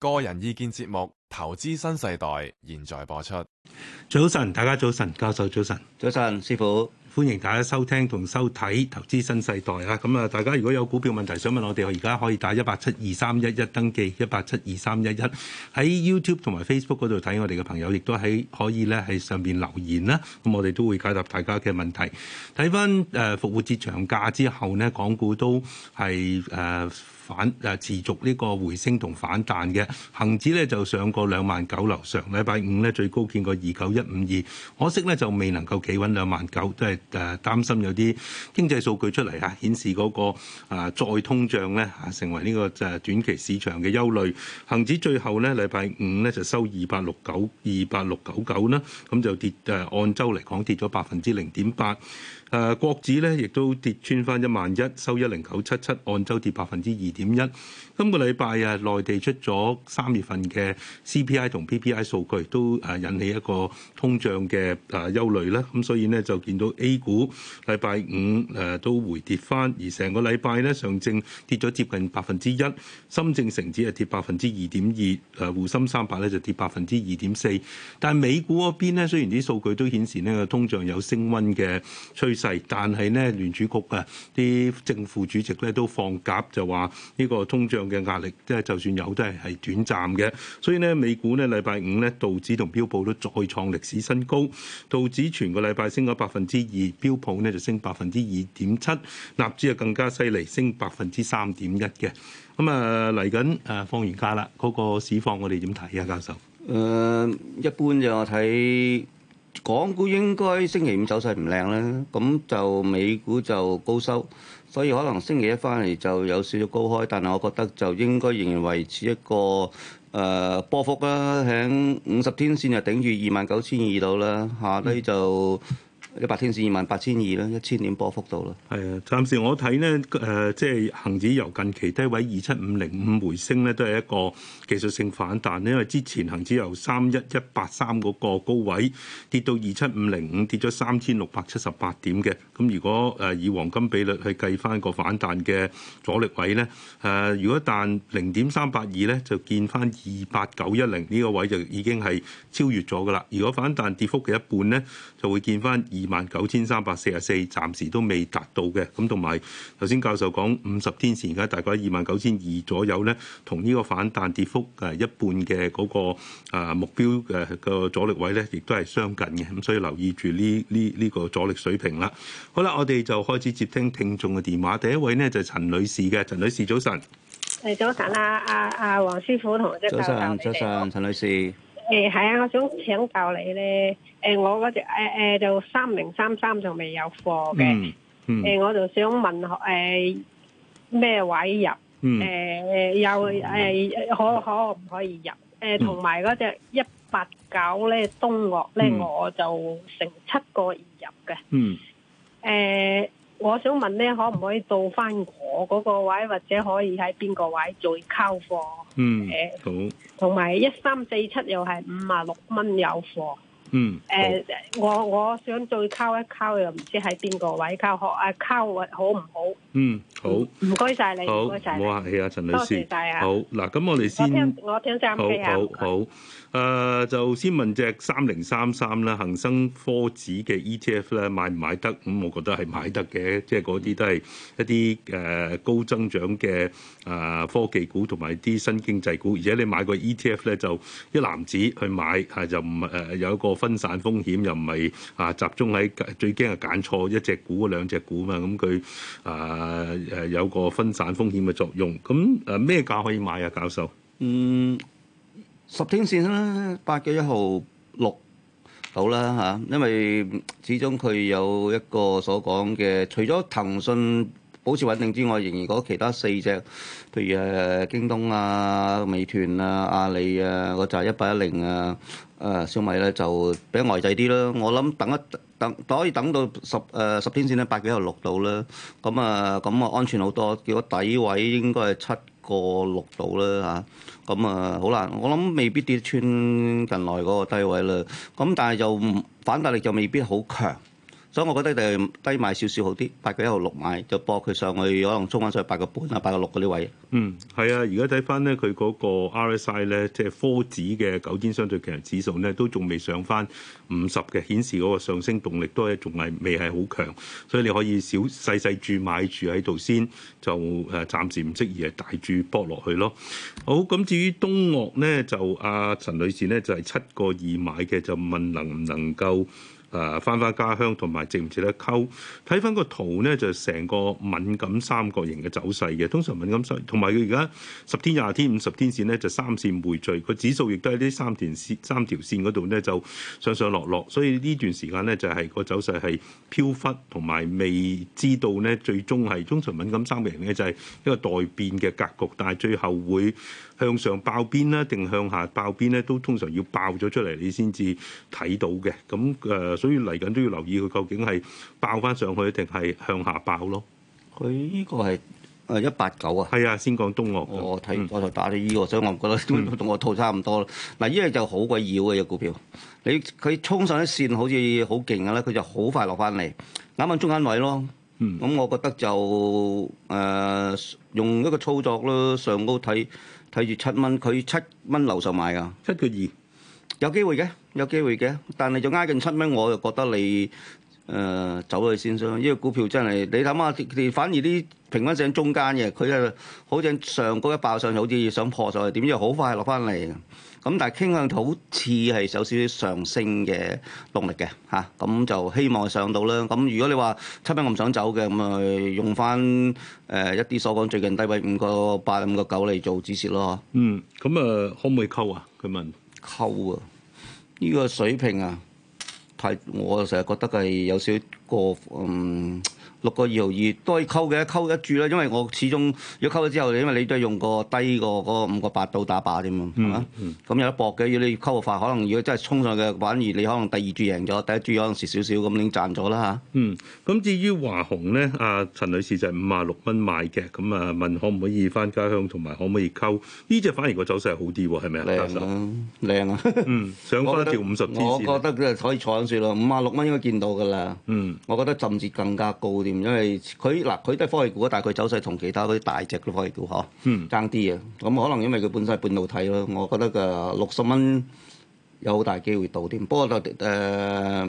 個人意見節目《投資新世代》現在播出。早晨，大家早晨，教授早晨，早晨，師傅，歡迎大家收聽同收睇《投資新世代》啊！咁啊，大家如果有股票問題想問我哋，我而家可以打一八七二三一一登記，一八七二三一一喺 YouTube 同埋 Facebook 嗰度睇我哋嘅朋友，亦都喺可以咧喺上邊留言啦。咁我哋都會解答大家嘅問題。睇翻誒復活節長假之後咧，港股都係誒。呃反誒持續呢個回升同反彈嘅恒指咧就上過兩萬九樓，上禮拜五咧最高見過二九一五二，可惜咧就未能夠企穩兩萬九，都係誒擔心有啲經濟數據出嚟嚇、啊，顯示嗰、那個、啊、再通脹咧嚇成為呢、這個誒、啊、短期市場嘅憂慮。恒指最後咧禮拜五咧就收二八六九二八六九九啦，咁就跌誒、啊、按週嚟講跌咗百分之零點八。誒國指咧，亦都跌穿翻一萬一，收一零九七七，按周跌百分之二點一。今個禮拜啊，內地出咗三月份嘅 CPI 同 PPI 數據，都誒引起一個通脹嘅誒憂慮啦。咁所以呢，就見到 A 股禮拜五誒都回跌翻，而成個禮拜咧上證跌咗接近百分之一，深證成指係跌百分之二點二，誒滬深三百咧就跌百分之二點四。但係美股嗰邊咧，雖然啲數據都顯示呢個通脹有升溫嘅趨勢。但係咧，聯儲局啊，啲正副主席咧都放鴿，就話呢個通脹嘅壓力即係就算有，都係係短暫嘅。所以呢，美股呢禮拜五呢，道指同標普都再創歷史新高，道指全個禮拜升咗百分之二，標普呢就升百分之二點七，納指啊更加犀利，升百分之三點一嘅。咁啊嚟緊誒放完假啦，嗰、那個市況我哋點睇啊，教授？誒、呃，一般就我睇。港股應該星期五走勢唔靚啦，咁就美股就高收，所以可能星期一翻嚟就有少少高開，但係我覺得就應該仍然維持一個誒、呃、波幅啦，喺五十天線就頂住二萬九千二度啦，下低就，嗯一八千二萬八千二啦，一千點波幅度啦。係啊，暫時我睇呢，誒、呃，即係恒指由近期低位二七五零五回升呢，都係一個技術性反彈。因為之前恒指由三一一八三嗰個高位跌到二七五零五，跌咗三千六百七十八點嘅。咁如果誒以黃金比率去計翻個反彈嘅阻力位呢，誒、呃、如果彈零點三八二呢，就見翻二八九一零呢個位就已經係超越咗噶啦。如果反彈跌幅嘅一半呢，就會見翻二萬九千三百四十四，29, 4，暫時都未達到嘅。咁同埋，頭先教授講五十天前而家大概二萬九千二左右咧，同呢個反彈跌幅誒一半嘅嗰個目標嘅個阻力位咧，亦都係相近嘅。咁所以留意住呢呢呢個阻力水平啦。好啦，我哋就開始接聽聽眾嘅電話。第一位呢，就係陳女士嘅，陳女士早晨。誒早晨啊，阿啊，黃師傅同我即講早晨，早晨，陳女士。誒，係啊，我想請教你咧。誒，我嗰隻誒誒就三零三三就未有貨嘅。嗯嗯。我就想問下呃，咩位入？嗯。誒誒，有、呃、可可唔可以入？誒、呃，同埋嗰隻一八九咧，東岳咧，我就成七個二入嘅。嗯。誒，我想問咧，可唔可以到翻我嗰個位，或者可以喺邊個位再溝貨？嗯，好。同埋一三四七又係五啊六蚊有貨。嗯，誒，我我想再拋一拋，又唔知喺邊個位拋學啊拋運好唔好？嗯，好。唔該晒你，你唔好客氣啊，陳女士，多謝晒啊，好，嗱，咁我哋先，我聽三。好好好。誒、uh, 就先問隻三零三三啦，恒生科指嘅 ETF 咧買唔買得？咁、嗯、我覺得係買得嘅。即係嗰啲都係一啲誒、呃、高增長嘅啊、呃、科技股同埋啲新經濟股，而且你買個 ETF 咧就一籃子去買，係、啊、就唔誒、呃、有一個分散風險，又唔係啊集中喺最驚係揀錯一隻股、兩隻股嘛，咁佢啊誒有個分散風險嘅作用。咁誒咩價可以買啊？教授，嗯。十天線啦，八月一號六好啦嚇，因為始終佢有一個所講嘅，除咗騰訊。保持穩定之外，仍然嗰其他四隻，譬如誒京東啊、美團啊、阿里啊，個就係一八一零啊、誒小米咧，就比較呆滯啲咯。我諗等一等可以等到十誒十天線咧，八幾又六度啦。咁啊咁啊，安全好多。結果底位應該係七個六度啦嚇。咁啊好難，我諗未必跌穿近來嗰個低位啦。咁但係就反彈力就未必好強。所以我覺得就低買少少好啲，八個一號六買就博佢上去，可能中間上去八個半啊、八個六嗰啲位。嗯，係啊，而家睇翻咧，佢嗰個 RSI 咧，即係科指嘅九天相對強弱指數咧，都仲未上翻五十嘅，顯示嗰個上升動力都係仲係未係好強，所以你可以小細細注買住喺度先，就誒暫時唔適宜係大注博落去咯。好，咁至於東岳咧，就阿、啊、陳女士咧就係七個二買嘅，就問能唔能夠？誒翻翻家鄉同埋值唔值得溝？睇翻個圖呢，就成、是、個敏感三角形嘅走勢嘅。通常敏感三同埋佢而家十天、廿天、五十天線呢，就三線匯聚個指數，亦都喺呢三條線、三條線嗰度呢，就上上落落。所以呢段時間呢、就是，就係個走勢係飄忽，同埋未知道呢，最終係通常敏感三角形呢，就係、是、一個待變嘅格局，但係最後會。向上爆邊啦，定向下爆邊咧，都通常要爆咗出嚟，你先至睇到嘅。咁誒，所以嚟緊都要留意佢究竟係爆翻上去，定係向下爆咯。佢呢個係誒一八九啊。係啊，先講東樂。我睇唔到我就打你呢、這個，所以我唔覺得同我套差唔多啦。嗱、嗯，呢隻就好鬼妖嘅隻股票，你佢衝上啲線好似好勁嘅咧，佢就好快落翻嚟。啱啱中間位咯。咁、嗯、我覺得就誒、呃、用一個操作咯，上高睇。睇住七蚊，佢七蚊樓上買㗎，七個二，有機會嘅，有機會嘅，但係就挨近七蚊，我就覺得你誒、呃、走佢先啦。呢個股票真係，你諗下，佢哋反而啲平均上中間嘅，佢係好似上高一爆上，好似想破咗嚟，點知好快落翻嚟。咁但係傾向好似係有少少上升嘅動力嘅嚇，咁、啊、就希望上到啦。咁、啊、如果你話七蚊我唔想走嘅，咁啊用翻誒一啲所講最近低位五個八五個九嚟做止蝕咯嗯。嗯，咁啊可唔可以溝啊？佢問。溝啊！呢、這個水平啊，太我成日覺得係有少過嗯。六個二毫二都可以溝嘅，溝一注啦！因為我始終如果溝咗之後，因為你都係用個低個嗰五個八度打靶添嘛。咁有得搏嘅。如果你溝得快，可能如果真係衝上嘅，反而你可能第二注贏咗，第一注有陣時少少咁拎賺咗啦嚇。嗯，咁至於華虹咧，阿、啊、陳女士就係五啊六蚊買嘅，咁啊問可唔可以翻家鄉，同埋可唔可以溝？呢隻反而個走勢係好啲喎，係咪啊？靚啦手，靚啊！啊 嗯，上翻條五十線。我覺得可以坐上船咯，五啊六蚊應該見到㗎啦。嗯，我覺得甚至更加高啲。因為佢嗱，佢都係科技股啊，但係佢走勢同其他嗰啲大隻嘅科技股嚇爭啲啊，咁、嗯、可能因為佢本身係半導體咯，我覺得佢六十蚊有好大機會到添，不過就誒。呃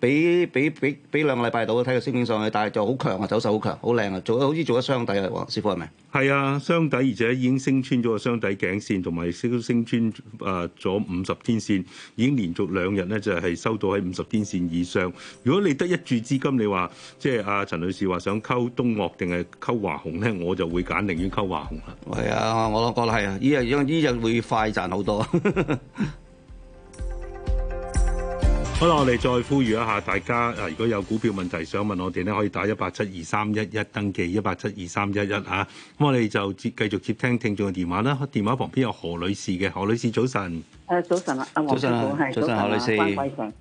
俾俾俾俾兩個禮拜到，睇個升面上去，但係就好強啊，走勢好強，好靚啊，做咗好似做咗雙底嚟，師傅係咪？係啊，雙底而且已經升穿咗個雙底頸線，同埋升升穿啊，咗五十天線，已經連續兩日咧就係收到喺五十天線以上。如果你得一注資金，你話即係阿陳女士話想溝東岳定係溝華虹咧，我就會揀寧願溝華虹啦。係啊、哎，我都覺得係啊，依日依日會快賺好多。 好啦，我哋再呼籲一下大家，如果有股票問題想問我哋咧，可以打一八七二三一一登記，一八七二三一一啊。咁我哋就接繼續接聽聽眾嘅電話啦。電話旁邊有何女士嘅，何女士早晨。誒、啊啊，早晨啦，阿黃生好，係早晨，何女士。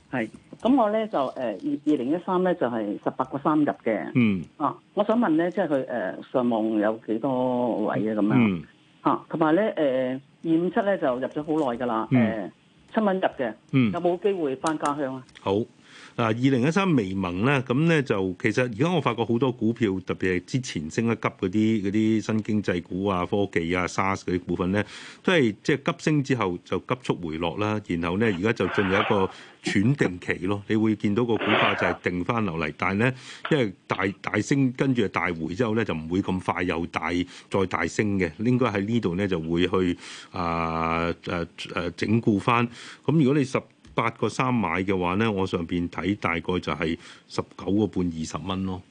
係，咁我咧就誒二二零一三咧就係十八個三入嘅。嗯。啊，我想問咧，即係佢誒上望有幾多位啊？咁樣。嗯。同埋咧，誒二五七咧就入咗好耐噶啦。誒了。嗯嗯七蚊入嘅，嗯，有冇機會返家鄉啊？好。 嗱，二零一三微盟咧，咁咧就其實而家我發覺好多股票，特別係之前升得急嗰啲嗰啲新經濟股啊、科技啊、SaaS 嗰啲股份咧，都係即係急升之後就急速回落啦。然後咧，而家就進入一個喘定期咯。你會見到個股價就係定翻落嚟，但係咧，因為大大升跟住大回之後咧，就唔會咁快又大再大升嘅。應該喺呢度咧就會去啊誒誒、啊啊、整固翻。咁如果你十八個三買嘅話咧，我上邊睇大概就係十九個半二十蚊咯。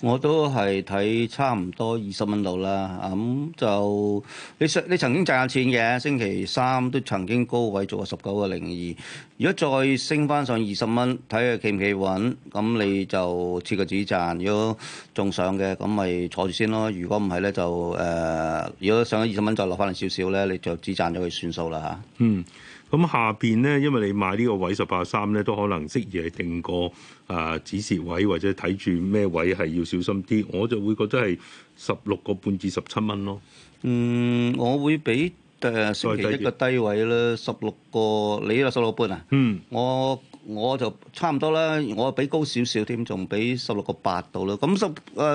我都係睇差唔多二十蚊度啦。咁、嗯、就你上你曾經賺下錢嘅，星期三都曾經高位做過十九個零二。如果再升翻上二十蚊，睇下企唔企穩。咁你就設個止賺，如果仲上嘅咁咪坐住先咯。如果唔係咧，就誒、呃，如果上咗二十蚊再落翻嚟少少咧，你就止賺咗佢算數啦嚇。嗯。咁下邊咧，因為你買呢個位十八三咧，都可能適宜係定個啊指示位，或者睇住咩位係要小心啲。我就會覺得係十六個半至十七蚊咯。嗯，我會俾誒、呃、一個低位啦，十六個，你呢個十六半啊？嗯，我。我就差唔多啦，我俾高少少添，仲俾十六個八度啦。咁十誒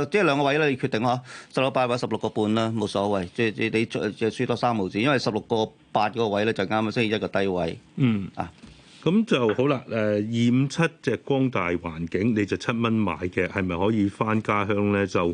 即係兩個位咧，你決定吓，十六八或十六個半啦，冇所謂。即係即係你再即係輸多三毫子，因為十六個八嗰個位咧就啱啊，即係一個低位。嗯啊，咁就好啦。誒，二五七隻光大環境，你就七蚊買嘅，係咪可以翻家鄉咧？就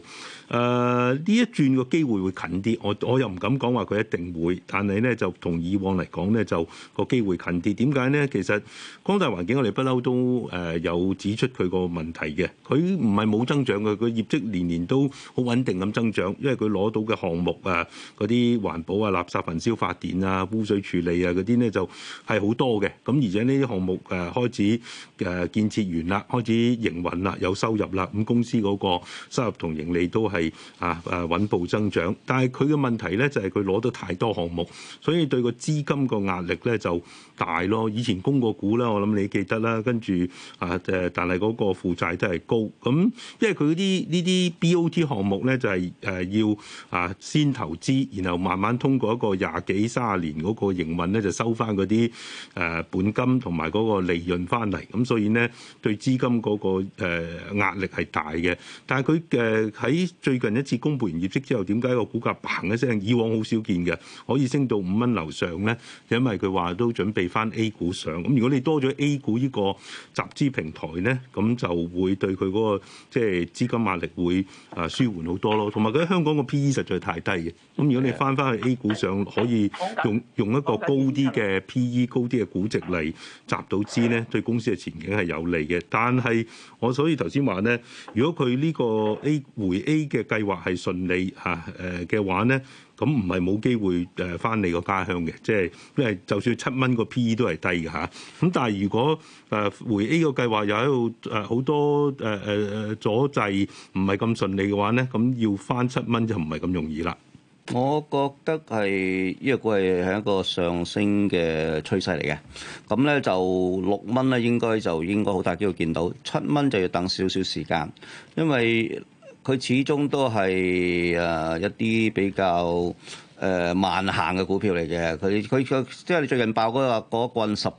誒呢、uh, 一轉個機會會近啲，我我又唔敢講話佢一定會，但係咧就同以往嚟講咧，就個機會近啲。點解咧？其實光大環境我哋不嬲都誒有指出佢個問題嘅，佢唔係冇增長嘅，佢業績年年都好穩定咁增長，因為佢攞到嘅項目啊，嗰啲環保啊、垃圾焚燒發電啊、污水處理啊嗰啲咧就係、是、好多嘅。咁而且呢啲項目誒開始誒建設完啦，開始營運啦，有收入啦，咁公司嗰個收入同盈利都係。啊！誒穩步增長，但係佢嘅問題咧就係佢攞到太多項目，所以對個資金個壓力咧就大咯。以前供過股啦，我諗你記得啦。跟住啊誒，但係嗰個負債都係高。咁因為佢啲呢啲 BOT 項目咧，就係誒要啊先投資，然後慢慢通過一個廿幾三十年嗰個營運咧，就收翻嗰啲誒本金同埋嗰個利潤翻嚟。咁所以咧對資金嗰個誒壓力係大嘅。但係佢誒喺最近一次公布完業績之後，點解個股價砰一聲，以往好少見嘅，可以升到五蚊樓上咧？因為佢話都準備翻 A 股上，咁如果你多咗 A 股呢個集資平台咧，咁就會對佢嗰個即係資金壓力會啊舒緩好多咯。同埋，佢喺香港個 P E 實在太低嘅，咁如果你翻翻去 A 股上，可以用用一個高啲嘅 P E、高啲嘅估值嚟集到資咧，對公司嘅前景係有利嘅。但係我所以頭先話咧，如果佢呢個 A 回 A。嘅計劃係順利嚇誒嘅話咧，咁唔係冇機會誒翻你個家鄉嘅，即係因為就算七蚊個 P E 都係低嘅嚇。咁但係如果誒回 A 個計劃又喺度誒好多誒誒誒阻滯，唔係咁順利嘅話咧，咁要翻七蚊就唔係咁容易啦。我覺得係呢、呢個股係一個上升嘅趨勢嚟嘅。咁咧就六蚊咧應該就應該好大機會見到七蚊，就要等少少時間，因為。佢始終都係誒一啲比較誒、呃、慢行嘅股票嚟嘅，佢佢即係最近爆嗰個嗰十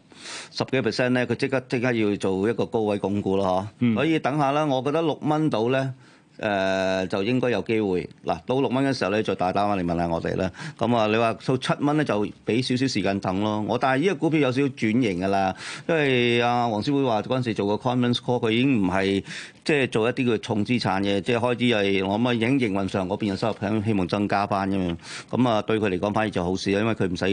十幾 percent 咧，佢即刻即刻要做一個高位鞏固咯，嗬、嗯！所以等下啦，我覺得六蚊度咧。誒、呃、就應該有機會，嗱到六蚊嘅時候咧，再大膽嚟問下我哋啦。咁啊，你話到七蚊咧，就俾少少時間等咯。我但係呢個股票有少少轉型㗎啦，因為阿、啊、黃師傅話嗰陣時做個 comments call，佢已經唔係即係做一啲嘅重資產嘅，即係開始係我諗佢喺營運上嗰邊嘅收入響希望增加翻咁樣。咁啊，對佢嚟講反而就好事，因為佢唔使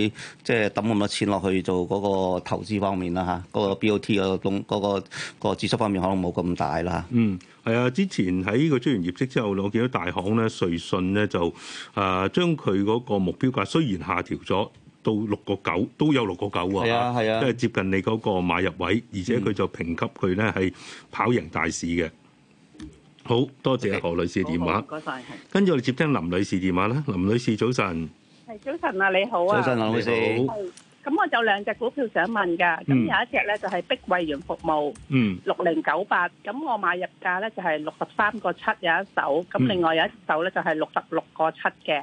即係抌咁多錢落去做嗰個投資方面啦嚇，嗰、啊那個 BOT 嗰、那個東嗰、那個支出、那個、方面可能冇咁大啦嚇。啊、嗯。係啊！之前喺呢個出完業績之後，我見到大行咧，瑞信咧就啊將佢嗰個目標價雖然下調咗到六個九，都有六個九喎。係啊，係啊，即係接近你嗰個買入位，而且佢就評級佢咧係跑贏大市嘅。好，多謝何女士嘅電話。唔該晒。跟住我哋接聽林女士電話啦。林女士，早晨。係早晨啊，你好啊。早晨，林女士。好。咁我有兩隻股票想問㗎，咁、嗯、有一隻咧就係碧桂園服務，六零九八，咁我買入價咧就係六十三個七有一手。咁、嗯、另外有一手咧就係六十六個七嘅，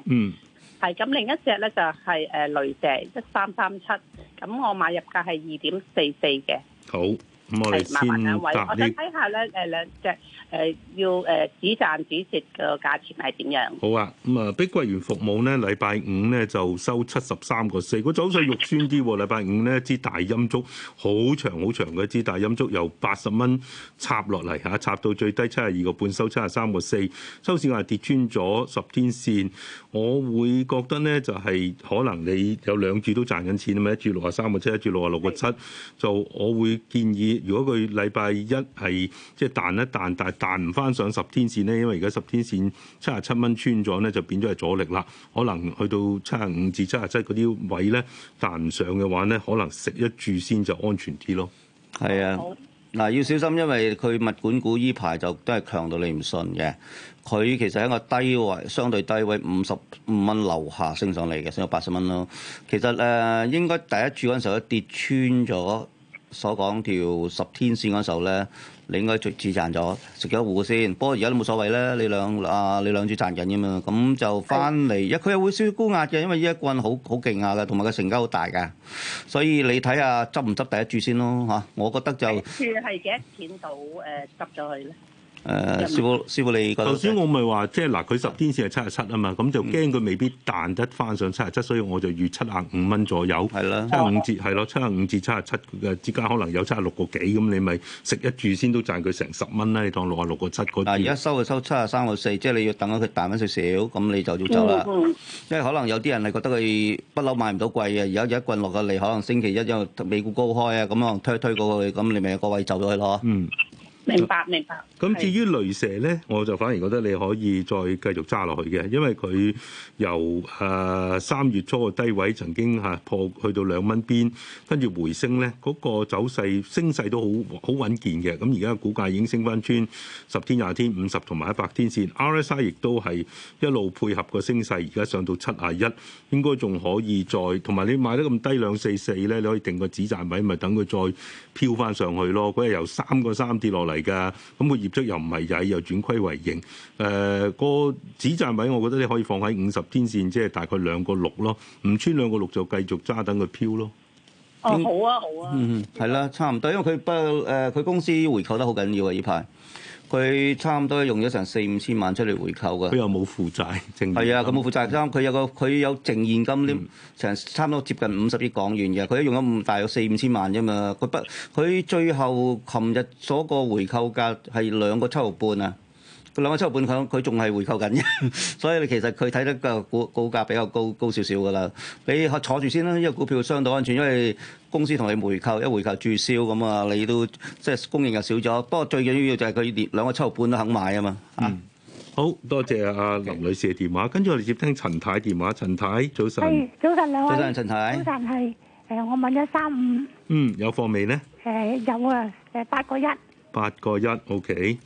係咁、嗯、另一隻咧就係誒雷蛇一三三七，咁我買入價係二點四四嘅。好，咁我哋麻煩兩位。點我想睇下咧誒兩隻。誒要誒止賺止蝕嘅價錢係點樣？好啊，咁啊碧桂園服務咧，禮拜五咧就收七十三個四，個早上肉酸啲喎。禮拜五呢 一支大陰燭，好長好長嘅一支大陰燭，由八十蚊插落嚟嚇，插到最低七十二個半，收七十三個四，收市價跌穿咗十天線。我會覺得咧就係、是、可能你有兩注都賺緊錢啊嘛，一注六十三個七，一注六十六個七，就我會建議，如果佢禮拜一係即係彈一彈大。彈唔翻上十天線咧，因為而家十天線七十七蚊穿咗咧，就變咗係阻力啦。可能去到七十五至七十七嗰啲位咧，彈唔上嘅話咧，可能食一注先就安全啲咯。係啊，嗱好要小心，因為佢物管股依排就都係強到你唔信嘅。佢其實一個低位，相對低位五十五蚊樓下升上嚟嘅，升有八十蚊咯。其實誒、呃、應該第一注嗰時候一跌穿咗所講條十天線嗰陣時候咧。你應該自一柱賺咗，食咗一糊先。不過而家都冇所謂啦，你兩啊，你兩柱賺緊嘅嘛，咁就翻嚟一，佢的又會輸高壓嘅，因為依一棍好好勁壓嘅，同埋佢成交好大㗎，所以你睇下執唔執第一注先咯嚇、啊。我覺得就柱係幾多錢到誒執咗去咧？呃誒、呃、師傅，師傅，師傅你頭先我咪話，即係嗱，佢十即天線係七十七啊嘛，咁、嗯、就驚佢未必彈得翻上七十七，所以我就預七十五蚊左右，七五折係咯，七十五至七十七嘅之間可能有七十六個幾咁，你咪食一注先都賺佢成十蚊啦。你當六十六個七嗰而家收就收七十三個四，即係你要等下佢彈翻少少，咁你就要走啦。嗯嗯、因為可能有啲人係覺得佢不嬲買唔到貴嘅，而家有一棍落個利，可能星期一因為美股高開啊，咁可能推推過去，咁你咪個位走咗去咯。嗯。明白，明白。咁至於雷蛇呢，我就反而覺得你可以再繼續揸落去嘅，因為佢由誒三月初嘅低位曾經嚇破去到兩蚊邊，跟住回升呢，嗰、嗰個走勢升勢都好好穩健嘅。咁而家股價已經升翻穿十天、廿天、五十同埋一百天線，RSI 亦都係一路配合個升勢，而家上到七啊一，應該仲可以再同埋你買得咁低兩四四呢，4，你可以定個止賺位，咪等佢再飄翻上去咯。佢係由三個三跌落嚟。噶，咁個業績又唔係曳，又轉虧為盈誒、呃嗰個止賺位，我覺得你可以放喺五十天線，即係大概兩個六咯。唔穿兩個六就繼續揸，等佢飄咯。哦，好啊，好啊，係啦、嗯，差唔多，因為佢不過誒佢公司回購得好緊要啊，呢排。佢差唔多用咗成四五千萬出嚟回購㗎，佢又冇負債，正。係啊，佢冇負債。啱。佢有個佢有淨現金啲，成差唔多接近五十億港元嘅，佢都用咗大約四五千萬啫嘛。佢不，佢最後琴日所個回購價係兩個七毫半啊。兩個七毫半肯，佢仲係回購緊，所以你其實佢睇得個股股價比較高高少少噶啦。你坐住先啦，因為股票相對安全，因為公司同你回購，一回購註銷咁啊，你都即係供應又少咗。不過最緊要就係佢兩個七毫半都肯買啊嘛。嗯，好多謝阿林女士嘅電話，跟住我哋接聽陳太電話。陳太，早晨。係早晨，兩位。早晨，陳太。早晨係誒，我問一三五。嗯，有貨未呢？誒有啊，誒八個一。八個一，OK。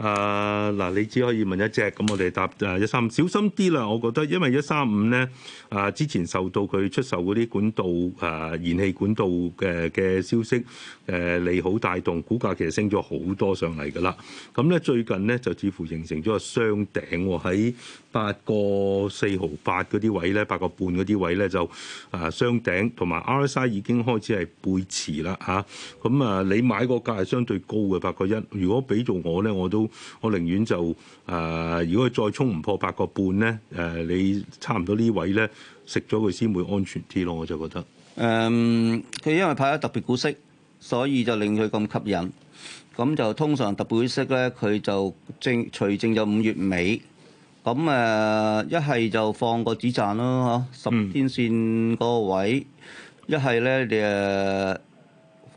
啊嗱，uh, 你只可以問一隻，咁我哋答啊一三五小心啲啦，我覺得，因為一三五咧啊之前受到佢出售嗰啲管道啊燃氣管道嘅嘅消息誒、啊、利好帶動，股價其實升咗好多上嚟㗎啦。咁、啊、咧最近咧就似乎形成咗個雙頂喎，喺八個四毫八嗰啲位咧，八個半嗰啲位咧就啊雙頂，同埋 RSI 已經開始係背馳啦嚇。咁啊,啊你買個價係相對高嘅八個一，1, 如果俾做我咧我都。我寧願就誒、呃，如果佢再衝唔破八個半咧，誒、呃，你差唔多呢位咧，食咗佢先會安全啲咯，我就覺得。誒、嗯，佢因為派咗特別股息，所以就令佢咁吸引。咁就通常特別股息咧，佢就正除正就五月尾。咁誒，一、呃、係就放個止賺啦，嚇十天線個位。一係咧，你、呃。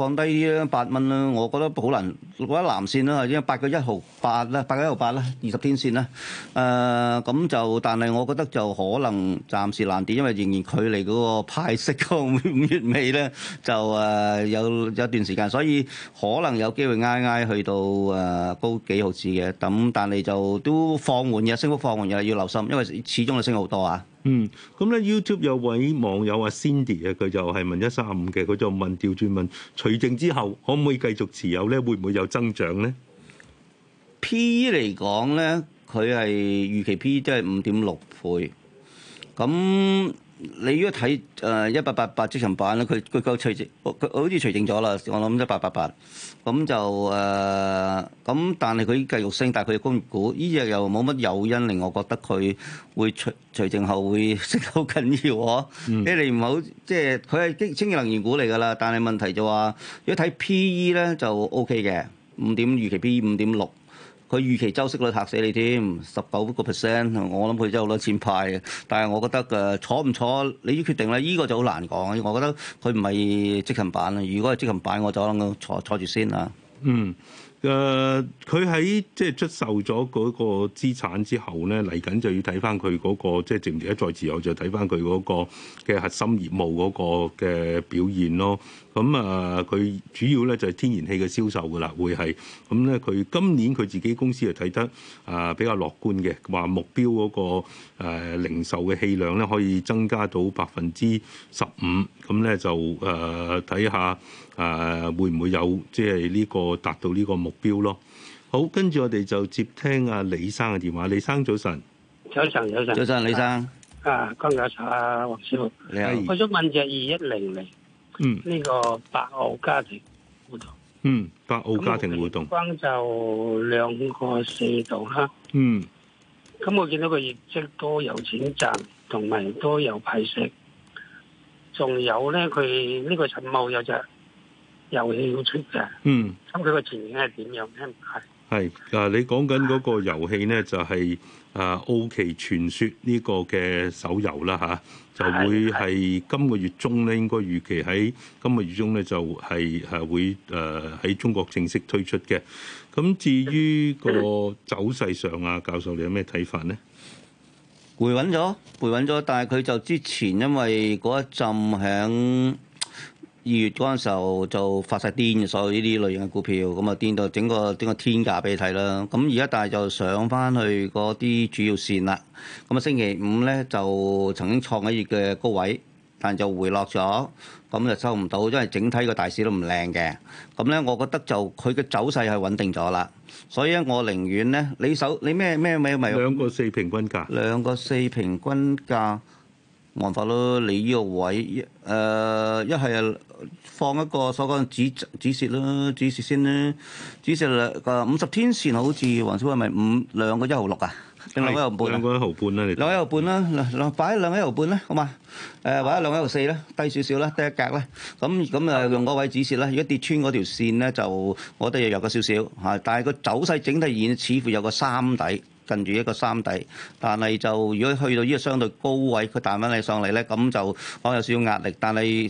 放低啲啦，八蚊啦，我覺得好難。如果藍線啦，因為八個一毫八啦，八個一毫八啦，二十天線啦。誒、呃，咁就，但係我覺得就可能暫時難跌，因為仍然距離嗰個派息個五月尾咧，就誒、呃、有有段時間，所以可能有機會挨挨去到誒、呃、高幾毫紙嘅。咁但係就都放緩嘅，升幅放緩嘅，要留心，因為始終都升好多啊。嗯，咁咧 YouTube 有位網友阿 Cindy 啊，佢就係問一三五嘅，佢就問調轉問除淨之後可唔可以繼續持有咧？會唔會有增長咧？P 嚟講咧，佢係預期 P 即係五點六倍，咁。你如果睇誒一八八八即場版咧，佢佢夠除淨佢好似除淨咗啦。我諗一八八八咁就誒咁、呃，但係佢繼續升，但係佢嘅工業股依隻又冇乜誘因令我覺得佢會除除淨後會升得好緊要。即係、嗯、你唔好即係佢係清潔能源股嚟㗎啦，但係問題就話、是、如果睇 P E 咧就 O K 嘅五點預期 P E 五點六。佢預期周息率嚇死你添，十九個 percent，我諗佢真係好多錢派嘅。但係我覺得嘅坐唔坐，你要決定啦。依、依個就好難講。我覺得佢唔係即勤版，啊。如果係即勤版，我就諗緊坐坐住先啊。嗯，誒、呃，佢喺即係出售咗嗰個資產之後咧，嚟緊就要睇翻佢嗰個即係值唔值得再持有，就睇翻佢嗰個嘅核心業務嗰個嘅表現咯。咁啊，佢主要咧就係天然氣嘅銷售㗎啦，會係咁咧。佢今年佢自己公司啊睇得啊比較樂觀嘅，話目標嗰個零售嘅氣量咧可以增加到百分之十五。咁咧、嗯、就誒睇下誒會唔會有即係呢個達到呢個目標咯。好，跟住我哋就接聽阿李生嘅電話。李生早晨，早晨，早晨早晨，早晨李生啊，剛打錯啊，黃師傅，你好，我想問隻二一零零。嗯，呢個百澳家庭活動，嗯，百奧家庭活動，關就兩個四度啦，嗯，咁我見到個業績多有錢賺，同埋多有派息，仲有咧佢呢個陳茂有隻遊戲要出嘅，嗯，咁佢個前景係點樣咧？係。係，誒你講緊嗰個遊戲咧，就係誒《奧奇傳說》呢個嘅手遊啦，嚇就會係今個月中咧，應該預期喺今個月中咧，就係誒會誒喺中國正式推出嘅。咁至於個走勢上啊，教授你有咩睇法呢？回穩咗，回穩咗，但係佢就之前因為嗰一陣喺。二月嗰陣時候就發曬癲嘅，所有呢啲類型嘅股票，咁啊癲到整個整個天價俾你睇啦。咁而家但係就上翻去嗰啲主要線啦。咁啊星期五咧就曾經創一月嘅高位，但係就回落咗，咁就收唔到，因為整體個大市都唔靚嘅。咁咧，我覺得就佢嘅走勢係穩定咗啦。所以咧，我寧願咧，你手你咩咩尾咪兩個四平均價，兩個四平均價按翻到你呢個位，誒一係。放一個所講止止蝕咯，止蝕先咧，止蝕誒五十天線好似黃少係咪五兩個一毫六啊？兩個一毫半啦，兩個一毫半啦，你兩個一毫半啦，擺兩個一毫半啦，好嘛？誒，擺兩個一毫四啦，低少少啦，低一格啦。咁咁誒用嗰位止蝕啦。如果跌穿嗰條線咧，就我覺得弱弱少少嚇。但係個走勢整體而言，似乎有個三底近住一個三底。但係就如果去到呢個相對高位，佢彈翻嚟上嚟咧，咁就可能有少少壓力。但係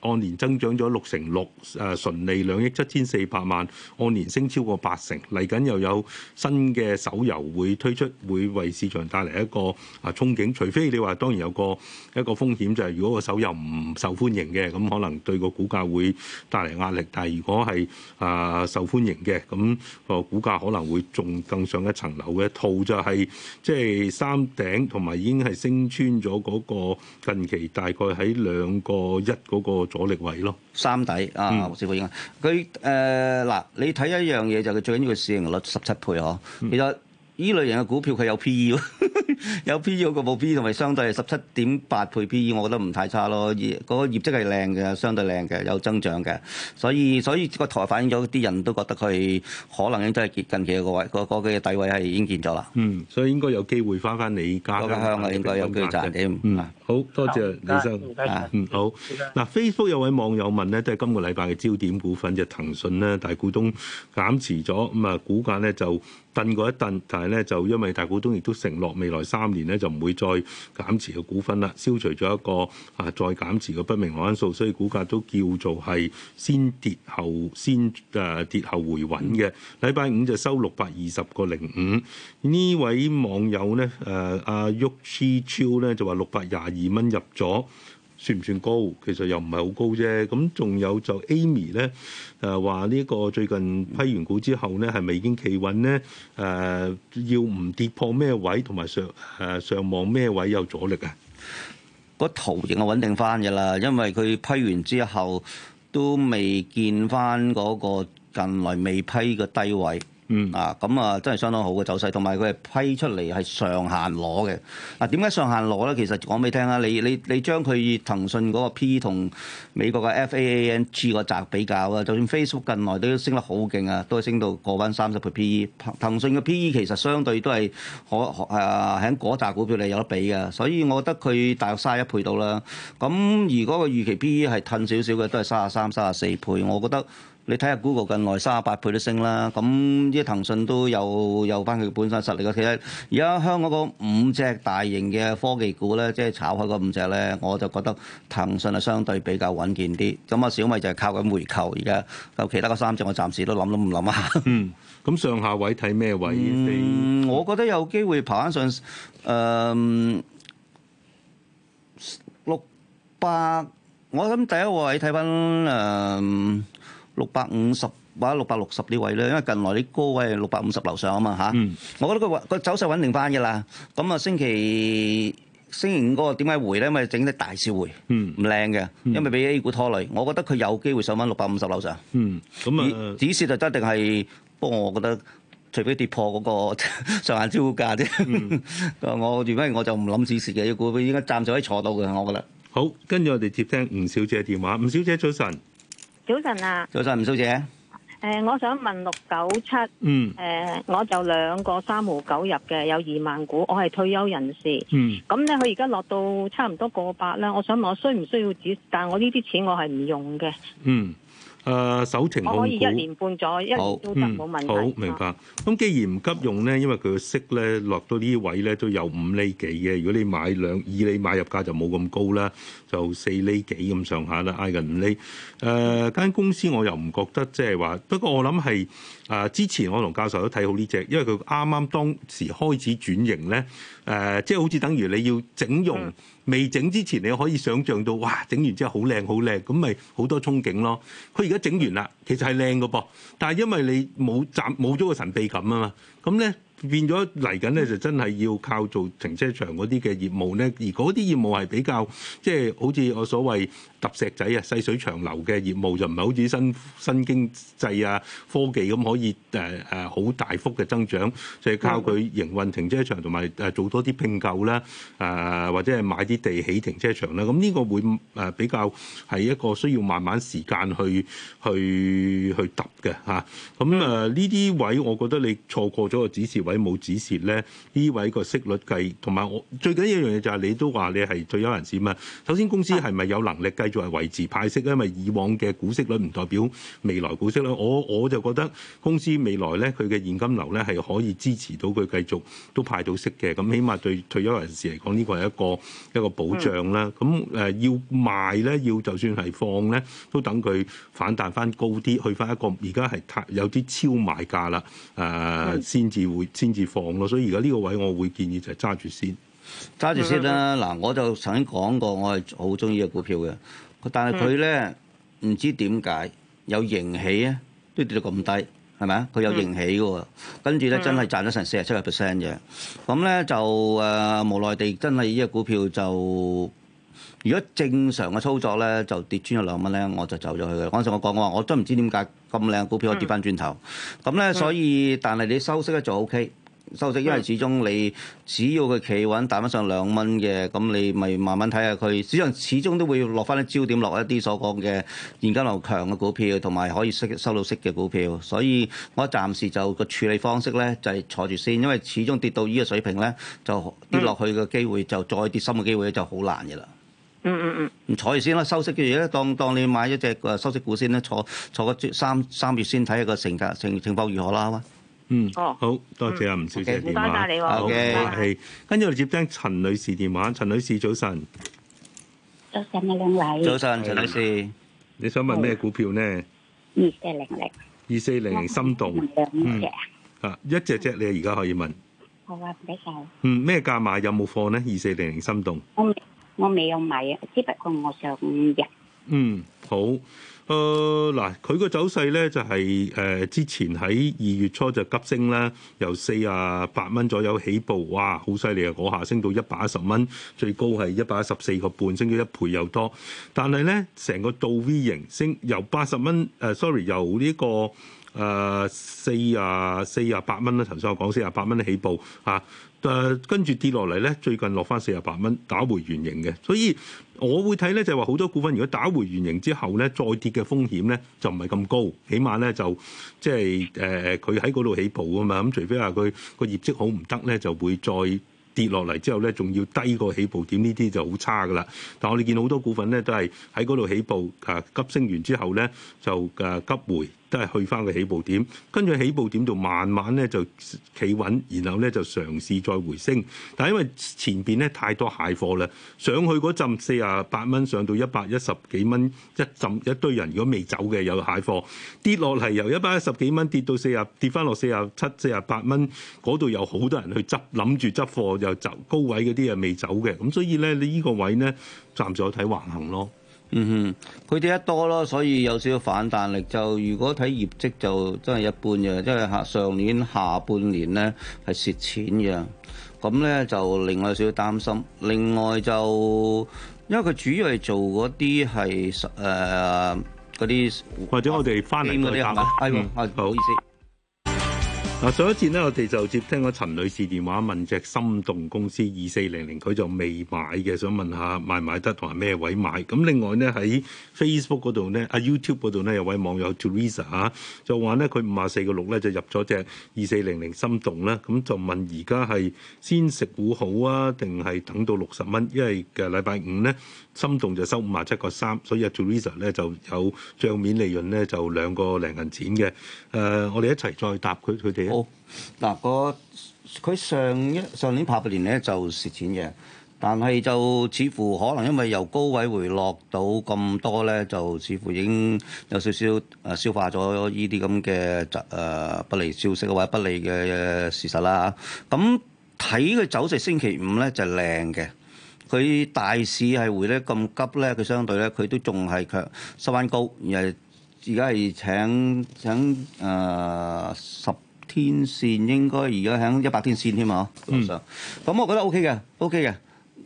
按年增長咗六成六，誒純利兩億七千四百萬，按年升超過八成。嚟緊又有新嘅手遊會推出，會為市場帶嚟一個啊憧憬。除非你話，當然有個一個一個風險，就係如果個手遊唔受歡迎嘅，咁可能對個股價會帶嚟壓力。但係如果係啊受歡迎嘅，咁個股價可能會仲更上一層樓嘅。套就係即係三頂同埋已經係升穿咗嗰個近期大概喺兩個一嗰個。阻力位咯，三底啊，師傅應該佢誒嗱，你睇一樣嘢就佢最緊要佢市盈率十七倍嗬，啊嗯、其實依類型嘅股票佢有，PE 有 PE P E，有 P E 嗰個報 P 同埋相對十七點八倍 P E，我覺得唔太差咯，業嗰個業績係靚嘅，相對靚嘅，有增長嘅，所以所以個台反映咗啲人都覺得佢可能真係近期個位、個個嘅底位係已經見咗啦。嗯，所以應該有機會翻翻你家，香香啊，應該有機會賺啲嗯。好多謝李然生。嗯然，uh, 好。嗱然、nah,，Facebook 有位網友問咧，都係今個禮拜嘅焦點股份，就是、騰訊咧，大股東減持咗，咁啊，股價咧就燉過一燉，但係咧就因為大股東亦都承諾未來三年咧就唔會再減持嘅股份啦，消除咗一個啊再減持嘅不明朗因素。所以股價都叫做係先跌後先啊、呃、跌後回穩嘅。禮拜五就收六百二十個零五。呢位網友咧，誒阿旭超咧就話六百廿二。呃二蚊入咗算唔算高？其實又唔係好高啫。咁仲有就 Amy 咧，誒話呢個最近批完股之後咧，係咪已經企穩咧？誒、呃、要唔跌破咩位，同埋上誒、呃、上望咩位有阻力啊？個圖形係穩定翻㗎啦，因為佢批完之後都未見翻嗰個近來未批嘅低位。嗯啊，咁啊真係相當好嘅走勢，同埋佢係批出嚟係上限攞嘅。嗱、啊，點解上限攞咧？其實講俾你聽啊，你你你將佢騰訊嗰個 PE 同美國嘅 FAANG 個集比較啊，就算 Facebook 近來都升得好勁啊，都升到過翻三十倍 PE。騰訊嘅 PE 其實相對都係可誒喺嗰扎股票嚟有得比嘅，所以我覺得佢大約三十一倍到啦。咁如果個預期 PE 係褪少少嘅，都係三十三、三十四倍，我覺得。你睇下 Google 近來三十八倍都升啦，咁呢啲騰訊都有有翻佢本身實力啦。其實而家香港嗰五隻大型嘅科技股咧，即係炒開嗰五隻咧，我就覺得騰訊係相對比較穩健啲。咁啊，小米就係靠緊回購而家。有其他嗰三隻我暫時都諗都唔諗啊。咁、嗯、上下位睇咩位、嗯？我覺得有機會爬翻上誒六百。呃、600, 我諗第一位睇翻誒。呃六百五十或者六百六十呢位咧，因為近來啲高位係六百五十樓上啊嘛嚇，我覺得佢個走勢穩定翻嘅啦。咁啊，星期星期五嗰個點解回咧？因為整啲大市回，唔靚嘅，因為俾 A 股拖累。我覺得佢有機會上翻六百五十樓上。嗯，咁啊，止蝕就一定係，不過我覺得除非跌破嗰個上下招價啫。我除非我就唔諗止蝕嘅，要估佢應該暫時可以坐到嘅，我覺得。好，跟住我哋接聽吳小姐電話。吳小姐早晨。早晨啊，早晨吳小姐，誒、呃，我想問六九七，嗯，誒、呃，我就兩個三毫九入嘅，有二萬股，我係退休人士，嗯，咁咧佢而家落到差唔多過百啦，我想問，我需唔需要止？但我呢啲錢我係唔用嘅，嗯。誒手、啊、情好可以一年半左右，好一年都得冇問題、嗯、好啊嘛。咁既然唔急用咧，因為佢個息咧落到呢位咧都有五厘幾嘅。如果你買兩二厘買入價就冇咁高啦，就四厘幾咁上下啦。挨近五厘，誒、呃、間公司我又唔覺得即係話，不過我諗係。誒之前我同教授都睇好呢隻，因為佢啱啱當時開始轉型咧，誒即係好似等於你要整容，未整之前你可以想像到，哇整完之後好靚好靚，咁咪好多憧憬咯。佢而家整完啦，其實係靚嘅噃，但係因為你冇暫冇咗個神秘感啊嘛，咁咧。變咗嚟緊咧，就真係要靠做停車場嗰啲嘅業務咧，而嗰啲業務係比較即係、就是、好似我所謂揼石仔啊、細水長流嘅業務，就唔係好似新新經濟啊、科技咁可以誒誒好大幅嘅增長，就係靠佢營運停車場同埋誒做多啲併購啦，誒、呃、或者係買啲地起停車場啦。咁呢個會誒比較係一個需要慢慢時間去去去揼嘅嚇。咁誒呢啲位，我覺得你錯過咗個指示。喺冇指示咧，呢位個息率計，同埋我最緊要一樣嘢就係你都話你係退休人士嘛？首先公司係咪有能力繼續係維持派息？因為以往嘅股息率唔代表未來股息率。我我就覺得公司未來咧，佢嘅現金流咧係可以支持到佢繼續都派到息嘅。咁起碼對退休人士嚟講，呢個係一個一個保障啦。咁誒是的 要賣咧，要就算係放咧，都等佢反彈翻高啲，去翻一個而家係太有啲超買價啦。誒、呃，先至會。先至放咯，所以而家呢個位我會建議就係揸住先，揸住先啦、啊。嗱、嗯，我就曾經講過，我係好中意呢隻股票嘅，但係佢咧唔知點解有盈起啊，都跌到咁低，係咪啊？佢有盈起嘅，嗯、跟住咧真係賺咗成四十七個 percent 嘅，咁咧、嗯、就誒、呃、無奈地真係呢隻股票就。如果正常嘅操作咧，就跌穿咗兩蚊咧，我就走咗去嘅。嗰陣我講，我話我都唔知點解咁靚股票，我跌翻轉頭。咁咧、嗯，嗯、所以但係你收息咧就 O K。收息，因為始終你只要佢企穩彈翻上兩蚊嘅，咁你咪慢慢睇下佢。只要始終都會落翻啲焦點，落一啲所講嘅現金流強嘅股票，同埋可以息收到息嘅股票。所以我暫時就、個處理方式咧，就係、係、坐住先，因為始終跌到依個水平咧，就跌落去嘅機會，嗯、就再跌深嘅機會就好難嘅啦。嗯嗯 嗯，唔、嗯嗯、坐住先啦，收息之餘咧，當當你買一隻誒收息股先啦，坐坐三三月先睇下個成價情情況如何啦，好嗎？嗯，好多謝阿吳、嗯、小姐電話，好，唔該晒你。好，跟住嚟接聽陳女士電話，陳女士早晨，早晨，你好，早晨，陳女士，你想問咩股票呢？二四零零，二四零零心動，嗯，嗯，一隻隻你而家可以問，好啊，唔該晒。嗯，咩價碼有冇貨呢？二四零零心動。我未有買啊，只不過我上午日。嗯，好。誒、呃、嗱，佢個走勢咧就係、是、誒、呃、之前喺二月初就急升啦，由四十八蚊左右起步，哇，好犀利啊！嗰下升到一百一十蚊，最高係一百一十四個半，升咗一倍又多。但係咧，成個倒 V 型升，由八十蚊誒，sorry，由呢、這個。誒四啊四啊八蚊啦，頭先、呃、我講四啊八蚊起步嚇，誒跟住跌落嚟咧，最近落翻四啊八蚊，打回原形嘅，所以我會睇咧就話好多股份如果打回原形之後咧再跌嘅風險咧就唔係咁高，起碼咧就即係誒佢喺嗰度起步啊嘛，咁除非話佢個業績好唔得咧，就會再跌落嚟之後咧仲要低過起步點，呢啲就好差噶啦。但我哋見好多股份咧都係喺嗰度起步，誒、啊、急升完之後咧就誒、啊、急回。都係去翻個起步點，跟住起步點就慢慢咧就企穩，然後咧就嘗試再回升。但係因為前邊咧太多蟹貨啦，上去嗰陣四十八蚊上到一百一十幾蚊，一陣一堆人，如果未走嘅有蟹貨跌落嚟，由一百一十幾蚊跌到四十，跌翻落四十七四十八蚊，嗰度有好多人去執，諗住執貨又走高位嗰啲又未走嘅，咁所以咧你呢個位咧暫時睇橫行咯。嗯哼，佢跌得多咯，所以有少少反彈力。就如果睇業績就真係一般嘅，即係下上年下半年咧係蝕錢嘅。咁咧就另外有少少擔心。另外就因為佢主要係做嗰啲係實誒嗰啲或者我哋翻嚟再答啊，唔好意思。嗱上一節咧，我哋就接聽咗陳女士電話，問隻心動公司二四零零，佢就未買嘅，想問下買唔買得，同埋咩位買？咁另外咧喺 Facebook 嗰度咧，啊 YouTube 嗰度咧，有位網友 Teresa 啊，就話咧佢五廿四個六咧就入咗隻二四零零心動啦，咁就問而家係先食股好啊，定係等到六十蚊？因為嘅禮拜五咧。心動就收五萬七個三，所以阿 Teresa 咧就有帳面利潤咧就兩個零銀錢嘅。誒、呃，我哋一齊再答佢佢哋。好，嗱、那、佢、個、上一上年八年咧就蝕錢嘅，但係就似乎可能因為由高位回落到咁多咧，就似乎已經有少少誒、呃、消化咗呢啲咁嘅誒不利消息或者不利嘅事實啦。咁睇佢走勢星期五咧就靚、是、嘅。佢大市係回得咁急咧，佢相對咧佢都仲係強十蚊高，而係而家係請請誒十天線應該而家喺一百天線添啊，樓上。咁我覺得 O K 嘅，O K 嘅，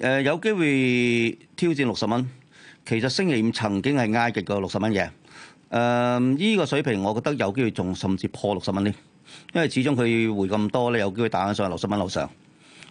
誒有機會挑戰六十蚊。其實星期五曾經係挨極過六十蚊嘅，誒依個水平我覺得有機會仲甚至破六十蚊添，因為始終佢回咁多咧，有機會打翻上去六十蚊樓上。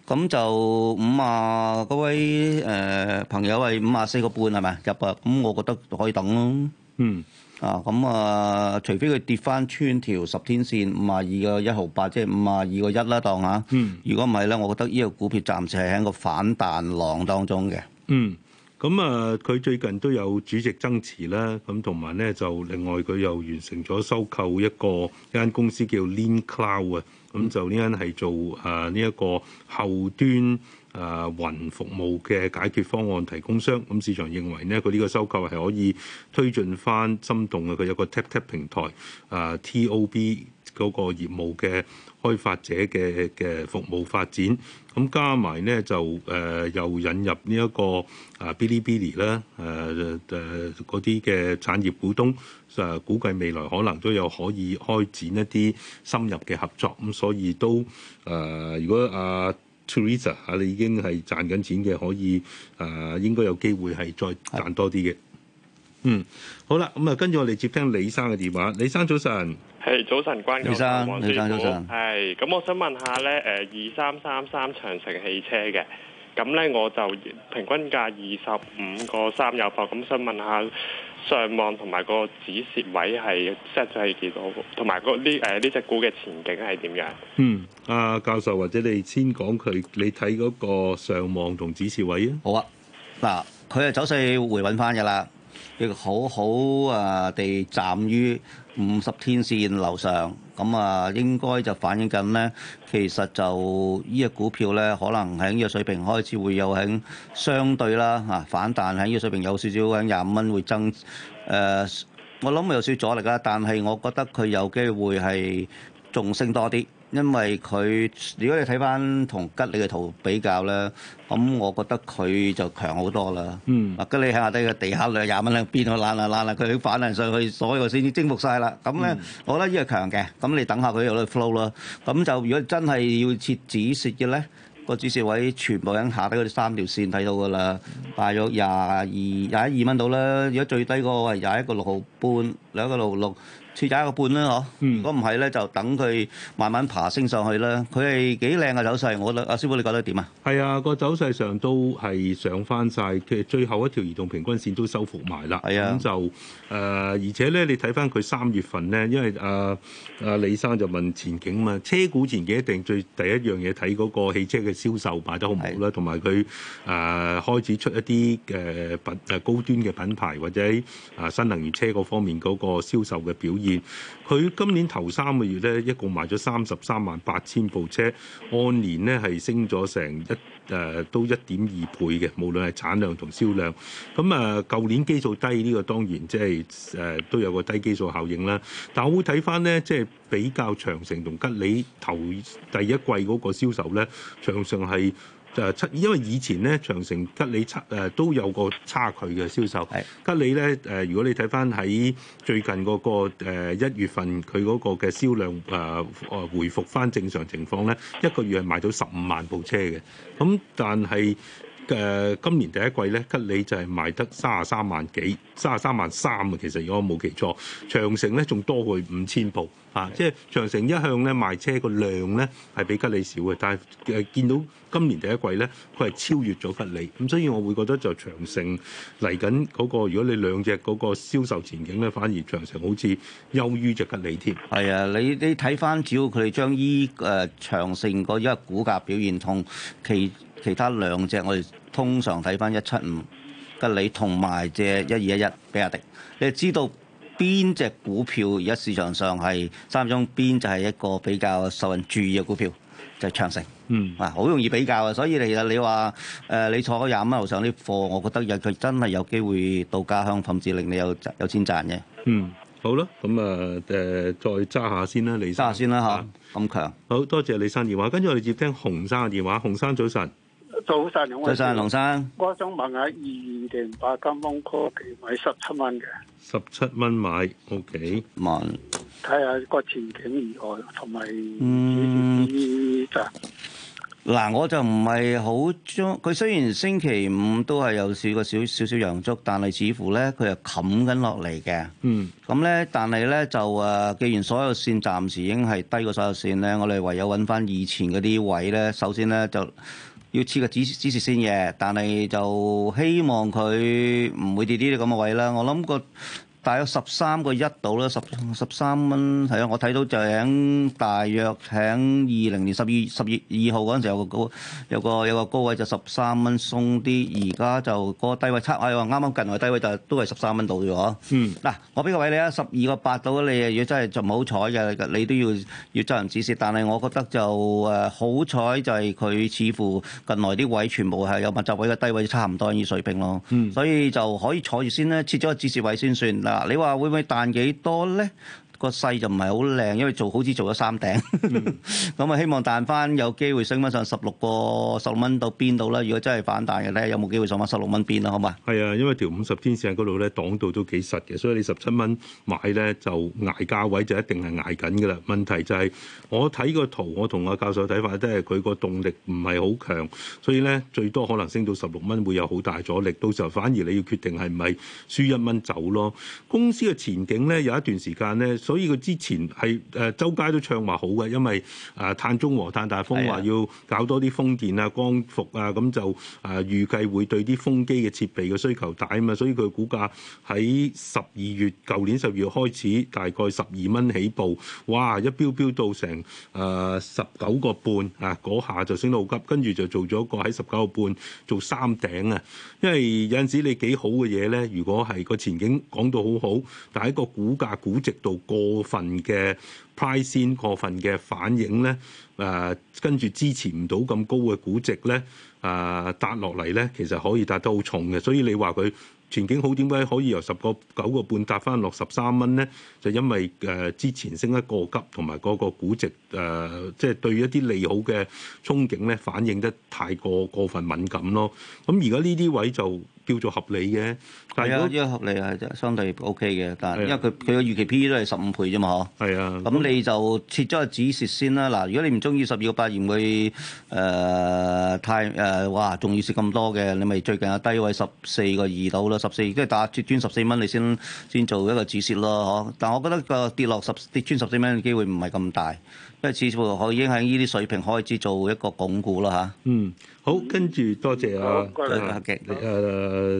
咁就五啊嗰位誒、呃、朋友係五啊四個半係咪入啊？咁我覺得可以等咯。嗯。啊，咁啊，除非佢跌翻穿條十天線五啊二個一毫八，8，即係五啊二個一啦，當嚇。嗯。如果唔係咧，我覺得呢個股票暫時係喺個反彈浪當中嘅。嗯。咁啊，佢最近都有主席增持啦，咁同埋咧就另外佢又完成咗收購一個一間公司叫 Lean Cloud 啊。咁就呢間係做誒呢一個後端誒雲、呃、服務嘅解決方案提供商，咁、呃、市場認為咧佢呢個收購係可以推進返心動嘅，佢有個 tap tap 平台誒、呃、T O B 嗰個業務嘅。開發者嘅嘅服務發展，咁加埋咧就誒、呃、又引入呢、這、一個啊 Bilibili 咧、啊、嗰啲、啊、嘅產業股東，就、啊、估計未來可能都有可以開展一啲深入嘅合作，咁、嗯、所以都誒、呃、如果阿 Teresa 啊，Teresa，你已經係賺緊錢嘅，可以誒、呃、應該有機會係再賺多啲嘅。嗯，好啦，咁啊跟住我哋接聽李生嘅電話，李生，早晨。係早晨，關生、李生、早晨，係咁，我想問下咧，誒、呃，二三三三長城汽車嘅，咁咧我就平均價二十五個三有貨，咁想問下上望同埋個止蝕位係 set 咗係幾多？同埋嗰呢誒呢隻股嘅前景係點樣？嗯，阿、啊、教授或者你先講佢，你睇嗰個上望同止蝕位啊？好啊，嗱，佢嘅走勢回穩翻噶啦。亦好好啊！地站於五十天線樓上，咁啊應該就反映緊咧。其實就呢隻、這個、股票咧，可能喺呢個水平開始會有喺相對啦啊反彈喺呢個水平有少少喺廿五蚊會增誒、呃。我諗有少少阻力噶，但係我覺得佢有機會係仲升多啲。因為佢如果你睇翻同吉利嘅圖比較咧，咁我覺得佢就強好多啦。嗯，啊吉利喺下低嘅地下咧，廿蚊兩邊佢爛爛爛啦，佢反彈上去所有線征服晒啦。咁咧，嗯、我覺得呢個強嘅。咁你等下佢又有去 flow 咯。咁就如果真係要設止蝕嘅咧，個止蝕位全部喺下低嗰三條線睇到噶啦，大約廿二、廿一二蚊到啦。如果最低個係廿一個六毫半，兩個六毫六。切咗一個半啦，嗬！如果唔係咧，就等佢慢慢爬升上去啦。佢係幾靚嘅走勢，我覺得。阿師傅你覺得點啊？係啊，個走勢上都係上翻曬，其實最後一條移動平均線都收復埋啦。係啊，咁就誒，而且咧，你睇翻佢三月份咧，因為阿阿李生就問前景啊嘛，車股前景一定最第一樣嘢睇嗰個汽車嘅銷售賣得好唔好啦，同埋佢誒開始出一啲嘅品誒高端嘅品牌或者誒新能源車嗰方面嗰個銷售嘅表。佢今年頭三個月咧，一共賣咗三十三萬八千部車，按年咧係升咗成一誒、呃，都一點二倍嘅。無論係產量同銷量，咁啊，舊、呃、年基數低呢、呢個當然即係誒都有個低基數效應啦。但我會睇翻咧，即、就、係、是、比較長城同吉利頭第一季嗰個銷售咧，長城係。就係七，因為以前咧，長城吉利差誒、呃、都有個差距嘅銷售。的吉利咧誒、呃，如果你睇翻喺最近、嗰個個一、呃、月份，佢嗰個嘅銷量誒誒、呃、回復翻正常情況咧，一個月係賣到十五萬部車嘅。咁、嗯、但係誒、呃、今年第一季咧，吉利就係賣得三十三萬幾，三十三萬三嘅其實，如果我冇記錯，長城咧仲多佢五千部。啊！即係長城一向咧賣車個量咧係比吉利少嘅，但係誒見到今年第一季咧，佢係超越咗吉利，咁所以我會覺得就長城嚟緊嗰個，如果你兩隻嗰個銷售前景咧，反而長城好似優於隻吉利添。係啊，你你睇翻，只要佢哋將依誒長城嗰一股價表現同其其他兩隻我哋通常睇翻一七五吉利同埋隻一二一一比亞迪，你知道？邊隻股票而家市場上係三分鐘邊就係一個比較受人注意嘅股票，就係、是、長城。嗯，啊，好容易比較啊，所以其實你話誒、呃，你坐喺廿蚊樓上啲貨，我覺得日佢真係有機會到家鄉，甚至令你有有錢賺嘅。嗯，好啦，咁啊誒，再揸下先啦，李生。揸下先啦，吓咁強。啊、強好多謝李生電話，跟住我哋接聽洪生嘅電話。洪生早晨。早晨，早晨，龍生。我想問下，二二零八金芒科技買十七蚊嘅十七蚊買，O K。問睇下個前景如何，同埋嗯，嗱、嗯啊，我就唔係好中佢。雖然星期五都係有少個少少少陽燭，但係似乎咧佢係冚緊落嚟嘅。嗯，咁咧，但係咧就誒，既然所有線暫時已經係低過所有線咧，我哋唯有揾翻以前嗰啲位咧。首先咧就。要黐個指指示先嘅，但係就希望佢唔會跌啲咁嘅位啦。我諗個。大概十,十三個一度啦，十十三蚊係啊。我睇到就喺大約喺二零年十二十二月二號嗰陣時候有個高，有個有個高位就十三蚊鬆啲，而家就個低位測下喎，啱、哎、啱近來低位就係、都係十三蚊度啫嗬。嗯，嗱、啊，我俾個位你啊，十二個八度。你如果真係就唔好彩嘅，你都要要執行止蝕。但係我覺得就誒好彩就係佢似乎近來啲位全部係有密集位嘅低位差唔多呢水平咯。嗯、所以就可以坐住先咧，設咗個止蝕位先算。嗱，你話會唔會賺幾多咧？個勢就唔係好靚，因為好做好似做咗三頂，咁 啊希望彈翻有機會升翻上十六個十六蚊到邊度啦？如果真係反彈咧，有冇機會上翻十六蚊邊啦？好嘛？係啊，因為條五十天線喺嗰度咧，擋到都幾實嘅，所以你十七蚊買咧就捱價位就一定係捱緊㗎啦。問題就係、是、我睇個圖，我同阿教授睇法都係佢個動力唔係好強，所以咧最多可能升到十六蚊會有好大阻力。到時候反而你要決定係唔係輸一蚊走咯。公司嘅前景咧有一段時間咧。所以佢之前係誒、呃、周街都唱話好嘅，因為誒碳、呃、中和、碳達峯話要搞多啲風電啊、光伏啊，咁就誒預計會對啲風機嘅設備嘅需求大啊嘛，所以佢股價，喺十二月舊年十二月開始大概十二蚊起步，哇！一飆飆到成誒十九個半啊，嗰、呃、下就升到好急，跟住就做咗個喺十九個半做三頂啊，因為有陣時你幾好嘅嘢咧，如果係個前景講到好好，但係個股價估值度過。過分嘅 pricing 過分嘅反應咧，誒、呃、跟住支持唔到咁高嘅估值咧，誒跌落嚟咧，其實可以跌得好重嘅。所以你話佢前景好點解可以由十個九個半跌翻落十三蚊咧？就因為誒、呃、之前升得過急，同埋嗰個估值誒，即、呃、係、就是、對一啲利好嘅憧憬咧，反映得太過過分敏感咯。咁而家呢啲位就～叫做合理嘅、係啊，但係如果要合理係相對 O K 嘅，但係因為佢佢嘅預期 P E 都係十五倍啫嘛，嗬的，係啊、嗯，咁你就切咗個止蝕先啦。嗱，如果你唔中意十二個八，嫌佢誒太誒、呃，哇，仲要蝕咁多嘅，你咪最近有低位十四個二度啦，十四，跟住打跌穿十四蚊，你先先做一個止蝕咯，嗬。但係我覺得個跌落十跌穿十四蚊嘅機會唔係咁大。即係至少可以影喺呢啲水平開始做一個鞏固啦嚇。嗯，好，跟住多謝啊，阿極誒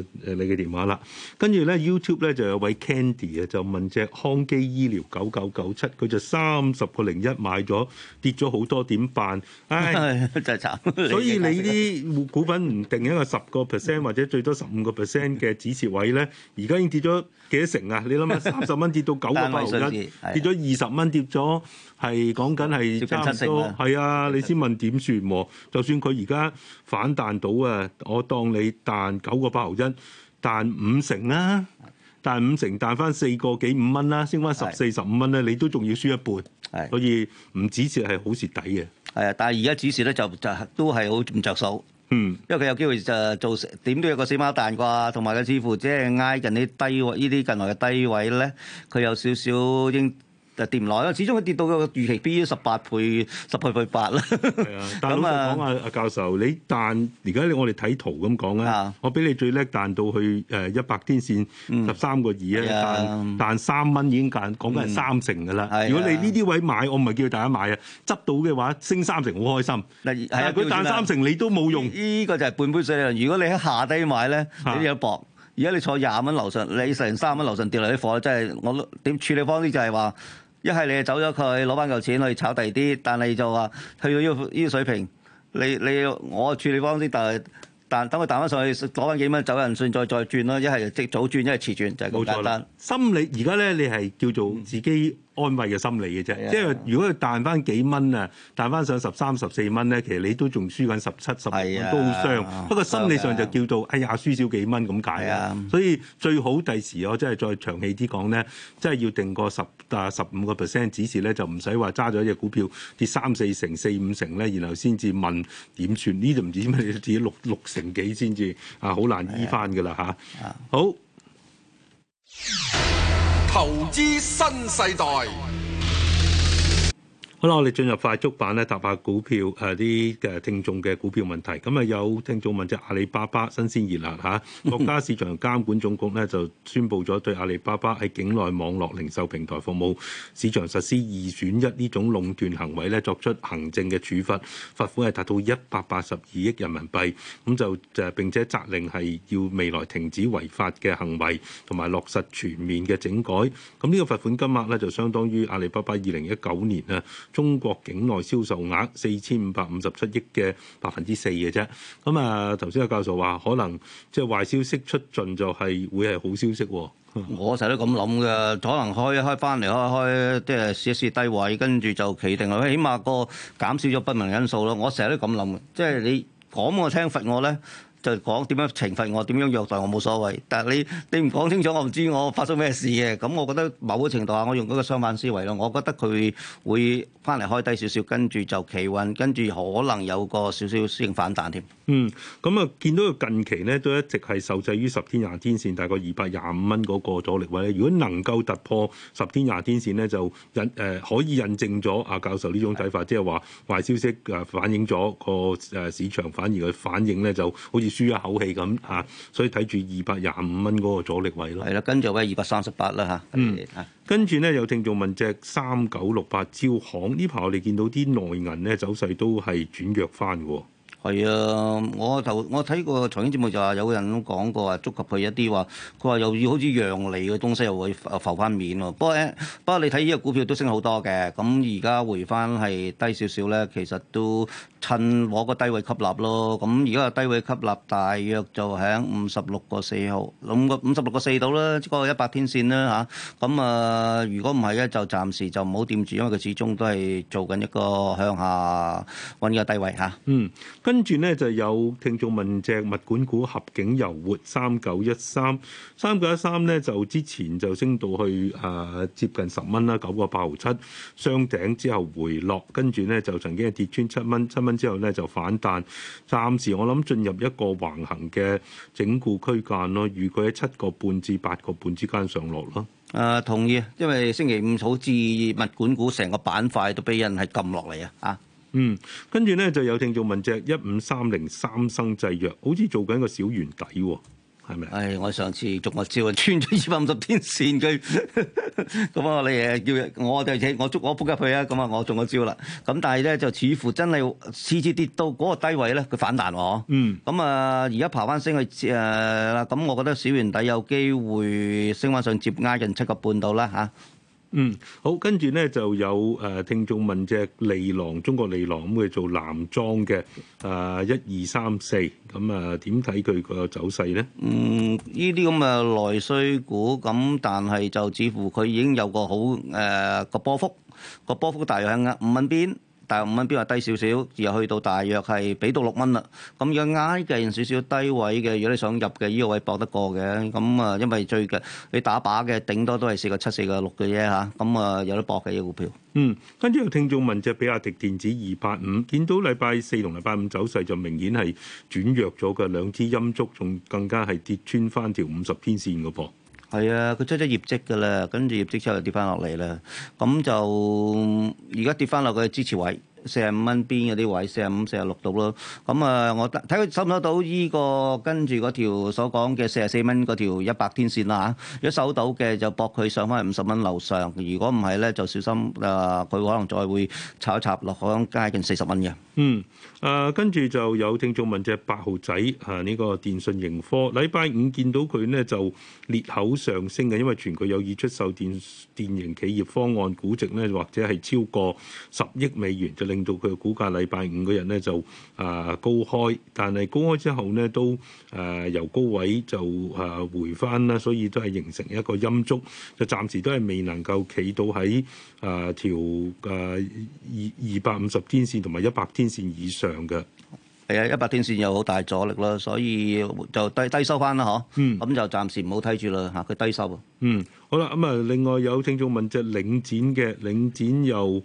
誒你嘅電話啦。跟住咧 YouTube 咧就有位 Candy 啊，就問隻康基醫療九九九七，佢就三十個零一買咗，跌咗好多點辦？唉，真係慘。所以你啲股份唔定一個十個 percent 或者最多十五個 percent 嘅止蝕位咧，而家已經跌咗幾多成啊？你諗下，三十蚊跌到九一，跌咗二十蚊，跌咗。 嗯嗯。係講緊係差唔多，係啊！嗯、你先問點算喎？是就算佢而家反彈到啊，我當你彈九個八毫一，彈五成啦、啊，是彈五成彈翻四個幾五蚊啦、啊，升翻十四十五蚊咧，你都仲要輸一半，是所以唔止蝕係好蝕底嘅。係啊，但係而家止蝕咧就就，就都係好唔着數。嗯，因為佢有機會就做點都有個死貓彈啩，同埋佢似乎即係挨近啲低位，呢啲近來嘅低位咧，佢有少少應。跌唔落，始終佢跌到個預期，跌咗十八倍，十倍倍八啦。咁啊，講下，阿教授，你彈而家你我哋睇圖咁講咧，啊、我俾你最叻彈到去誒一百天線十三個二啊，彈三蚊已經彈，講緊係三成噶啦。如果你呢啲位買，我唔係叫大家買啊，執到嘅話升三成，好開心。嗱，係啊，佢彈三成你都冇用。呢個就係半杯水啦。如果你喺下低買咧，你有搏。而家、啊、你坐廿蚊樓上，你成三蚊樓上跌落啲貨，真、就、係、是、我都點處理方啲就係話。一係你就走咗佢，攞翻嚿錢去炒第二啲，但係就話去到呢個呢個水平，你你要我處理方式就係，但等佢彈翻上去攞翻幾蚊走人算，再再轉咯。一係即早轉，一係遲轉，就係咁簡單，冇錯。心理而家咧，你係叫做自己，嗯安慰嘅心理嘅啫，即係 Yeah. 如果佢彈翻幾蚊啊，彈翻上十三十四蚊咧，其實你 Yeah. 都仲輸緊十七十八蚊都好傷。不過心理上就叫做 Yeah. 哎呀，輸少幾蚊咁解。啊。Yeah. 所以最好第時我真係再長期啲講咧，即係要定個十啊十五個 percent 指示咧，就唔使話揸咗一隻股票跌三四成、四五成咧，然後先至問點算。呢就唔止咩，要至六六成幾先至啊，好難醫翻噶啦吓，yeah. Yeah. 好。投資新世代。好啦，我哋進入快速版咧，答下股票誒啲嘅聽眾嘅股票問題。咁啊，有聽眾問隻阿里巴巴新鮮熱辣嚇，啊，國家市場監管總局呢，就宣布咗對阿里巴巴喺境內網絡零售平台服務市場實施二選一呢種壟斷行為咧作出行政嘅處罰，罰款係達到一百八十二億人民幣。咁就誒並且責令係要未來停止違法嘅行為，同埋落實全面嘅整改。咁呢個罰款金額咧就相當於阿里巴巴二零一九年啊，中國境內銷售額四千五百五十七億嘅百分之四嘅啫。咁啊頭先阿教授話可能即係壞消息出盡就係會係好消息喎。 我成日都咁諗嘅，可能開一開翻嚟開開即係試一試低位，跟住就企定啦。起碼個減少咗不明因素咯。我成日都咁諗，即係你講我聽我，罰我咧。就講點樣懲罰我，點樣虐待我冇所謂。但係你你唔講清楚，我唔知我發生咩事嘅。咁我覺得某個程度下，我用嗰個相反思維咯。我覺得佢會翻嚟開低少少，跟住就企穩，跟住可能有個少少小型反彈添。嗯，咁啊，見到佢近期呢都一直係受制於十天廿天線，大概二百廿五蚊嗰個阻力位。如果能夠突破十天廿天線呢，就引誒可以印證咗阿教授呢種睇法，即係話壞消息啊反映咗個誒市場反而嘅反應呢就好似。舒一口氣咁嚇，所以睇住二百廿五蚊嗰個阻力位咯。係啦， 跟住位二百三十八啦嚇。嗯，跟住咧有聽眾問隻三九六八招行。呢排我哋見到啲內銀咧走勢都係轉弱返喎。係啊，我頭我睇個財經節目就話有個人講過話觸及佢一啲話，佢話又要好似洋嚟嘅東西又會浮翻面喎。不過不過你睇呢個股票都升好多嘅，咁而家回翻係低少少咧，其實都趁我個低位吸納咯。咁而家個低位吸納大約就喺五十六個四毫，五個五十六個四度啦，即個一百天線啦嚇。咁啊，啊，如果唔係咧就暫時就唔好掂住，因為佢始終都係做緊一個向下揾嘅低位嚇。啊、嗯。跟住呢，就有聽眾問隻物管股合景悠活三九一三，三九一三呢，就之前就升到去誒接近十蚊啦，九個八毫七，雙頂之後回落，跟住呢，就曾經係跌穿七蚊，七蚊之後呢，就反彈，暫時我諗進入一個橫行嘅整固區間咯，預計喺七個半至八個半之間上落咯。誒、呃、同意，因為星期五好似物管股成個板塊都俾人係撳落嚟啊！啊～嗯，跟住咧就有聽眾問隻一五三零三生製藥，好似做緊個小圓底，係咪？誒、哎，我上次中咗招呵呵啊，穿咗二百五十天線佢，咁啊你誒叫，我就請我捉我撲入去啊，咁啊我中咗招啦。咁但係咧就似乎真係次次跌到嗰、那個低位咧，佢反彈我。嗯。咁啊，而家爬翻升去誒，咁、呃、我覺得小圓底有機會升翻上接挨近七個半度啦，吓、啊。嗯，好，跟住咧就有誒、呃、聽眾問隻利郎，中國利郎咁佢做男裝嘅，啊一二三四，咁啊點睇佢個走勢咧？嗯，呢啲咁啊內需股，咁但係就似乎佢已經有個好誒個、呃、波幅，個波幅大向啊，五蚊邊。大五蚊，比較低少少？而後去到大約係俾到六蚊啦。咁樣挨近少少低位嘅，如果你想入嘅，依個位搏得過嘅。咁啊，因為最近你打靶嘅，頂多都係四個七、四個六嘅啫嚇。咁啊，有得搏嘅依個股票。嗯，跟住有聽眾問隻比亞迪電子二八五，見到禮拜四同禮拜五走勢就明顯係轉弱咗嘅，兩支陰燭，仲更加係跌穿翻條五十天線嘅噃。係啊，佢出咗業績㗎啦，跟住業績之後又跌翻落嚟啦，咁就而家跌翻落個支持位。四十五蚊邊嗰啲位，四十五、四十六度咯。咁啊，我睇佢收唔收到依個跟住嗰條所講嘅四十四蚊嗰條一百天線啦。嚇、啊，如果收到嘅就搏佢上翻去五十蚊樓上。如果唔係咧，就小心啊，佢可能再會插一插落可能加近四十蚊嘅。嗯。啊，跟住就有聽眾問隻八號仔啊，呢、呢個電訊盈科，禮拜五見到佢呢，就裂口上升嘅，因為全國有意出售電電營企業方案估值呢，或者係超過十億美元令到佢嘅股價禮拜五嗰日咧就啊、呃、高開，但係高開之後咧都誒、呃、由高位就誒、呃、回翻啦，所以都係形成一個陰燭，就暫時都係未能夠企到喺誒、呃、條誒二二百五十天線同埋一百天線以上嘅。係啊，一百天線有好大阻力啦，所以就低低收翻啦，嗬。嗯，咁就暫時唔好睇住啦嚇，佢低收啊、嗯嗯。嗯，好啦，咁啊，另外有聽眾問隻領展嘅領展又？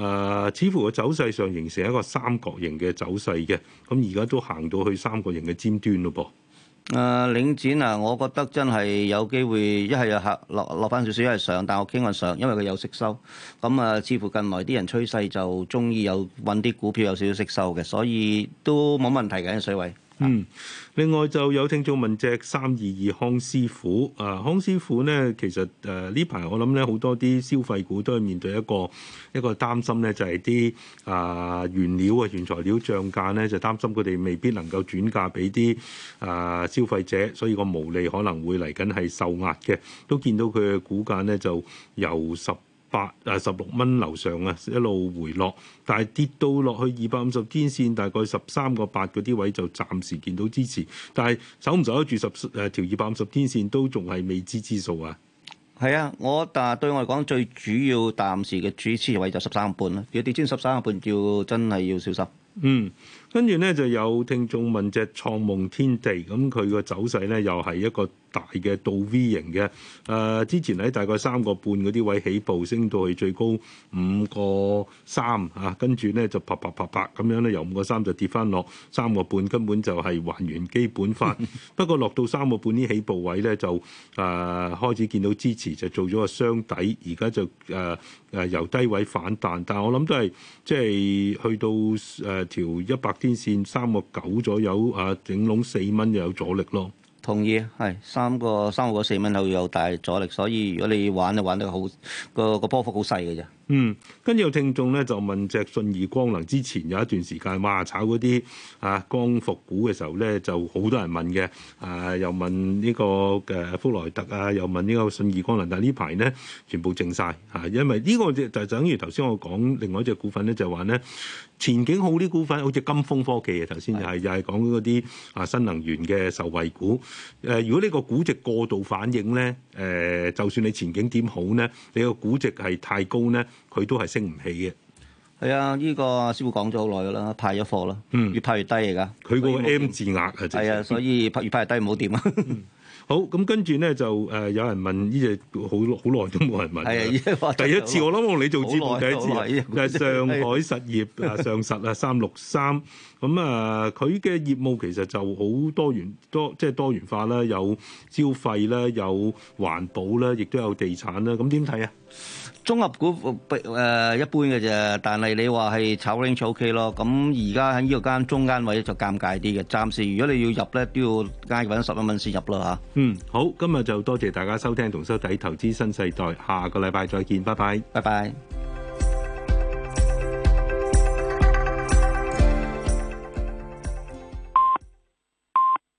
誒、呃，似乎個走勢上形成一個三角形嘅走勢嘅，咁而家都行到去三角形嘅尖端咯噃。誒、呃，領展啊，我覺得真係有機會要要，一係下落落返少少，一係上，但我傾向上，因為佢有息收。咁啊，似乎近來啲人趨勢就中意有搵啲股票有少少息收嘅，所以都冇問題嘅水位。嗯，另外就有聽眾問隻三二二康師傅，啊、呃、康師傅呢，其實誒呢排我諗呢好多啲消費股都係面對一個一個擔心呢，就係啲啊原料啊原材料漲價呢，就擔心佢哋未必能夠轉嫁俾啲啊消費者，所以個毛利可能會嚟緊係受壓嘅，都見到佢嘅股價呢，就由十八誒十六蚊樓上啊，一路回落，但係跌到落去二百五十天線大概十三個八嗰啲位就暫時見到支持，但係守唔守得住十誒條二百五十天線都仲係未知之數啊！係啊，我但係對我嚟講最主要暫時嘅支持位就十三個半啦，如果跌穿十三個半要真係要小心。嗯，跟住呢，就有聽眾問隻創夢天地咁佢個走勢呢，又係一個。大嘅倒 V 型嘅，誒、呃、之前喺大概三個半嗰啲位起步，升到去最高五個三嚇，跟住咧就啪啪啪啪咁樣咧，由五個三就跌翻落三個半，根本就係還原基本法。 不過落到三個半啲起步位咧，就誒、呃、開始見到支持，就做咗個雙底，而家就誒誒、呃呃呃、由低位反彈。但係我諗都係即係去到誒條一百天線三個九左右啊，整籠四蚊又有阻力咯。同意，係三個三個四蚊後又大阻力，所以如果你玩就玩得好，個個波幅好細嘅啫。嗯，跟住有聽眾咧就問隻信義光能之前有一段時間哇炒嗰啲啊光伏股嘅時候咧就好多人問嘅，啊又問呢個嘅福萊特啊，又問呢個，、啊、個信義光能，但係呢排咧全部靜晒，嚇、啊，因為呢個就係等於頭先我講另外一隻股份咧就話、是、咧前景好啲股份，好似金風科技啊，頭先就係又係講嗰啲啊新能源嘅受惠股，誒、啊、如果呢個估值過度反應咧？誒、呃，就算你前景點好咧，你個估值係太高咧，佢都係升唔起嘅。係啊，呢、呢個師傅講咗好耐噶啦，派咗貨咯，嗯、越派越低嚟噶。佢嗰個 M 字額係啊，、嗯、啊，所以越派越低，唔好掂啊。 好，咁跟住咧就誒有人問呢隻好好耐都冇人問，第一次我諗我你做節目第一次，誒久上海實業啊 上實啊三六三，咁啊佢嘅業務其實就好多元多即係多元化啦，有消費啦，有環保啦，亦都有地產啦，咁點睇啊？綜合股誒一般嘅啫，但係你話係炒升炒 K 咯，咁而家喺呢個間中間位就尷尬啲嘅。暫時如果你要入咧，都要加揾十一蚊先入啦嚇。嗯，好，今日就多謝大家收聽同收睇《投資新世代》，下個禮拜再見，拜拜，拜拜。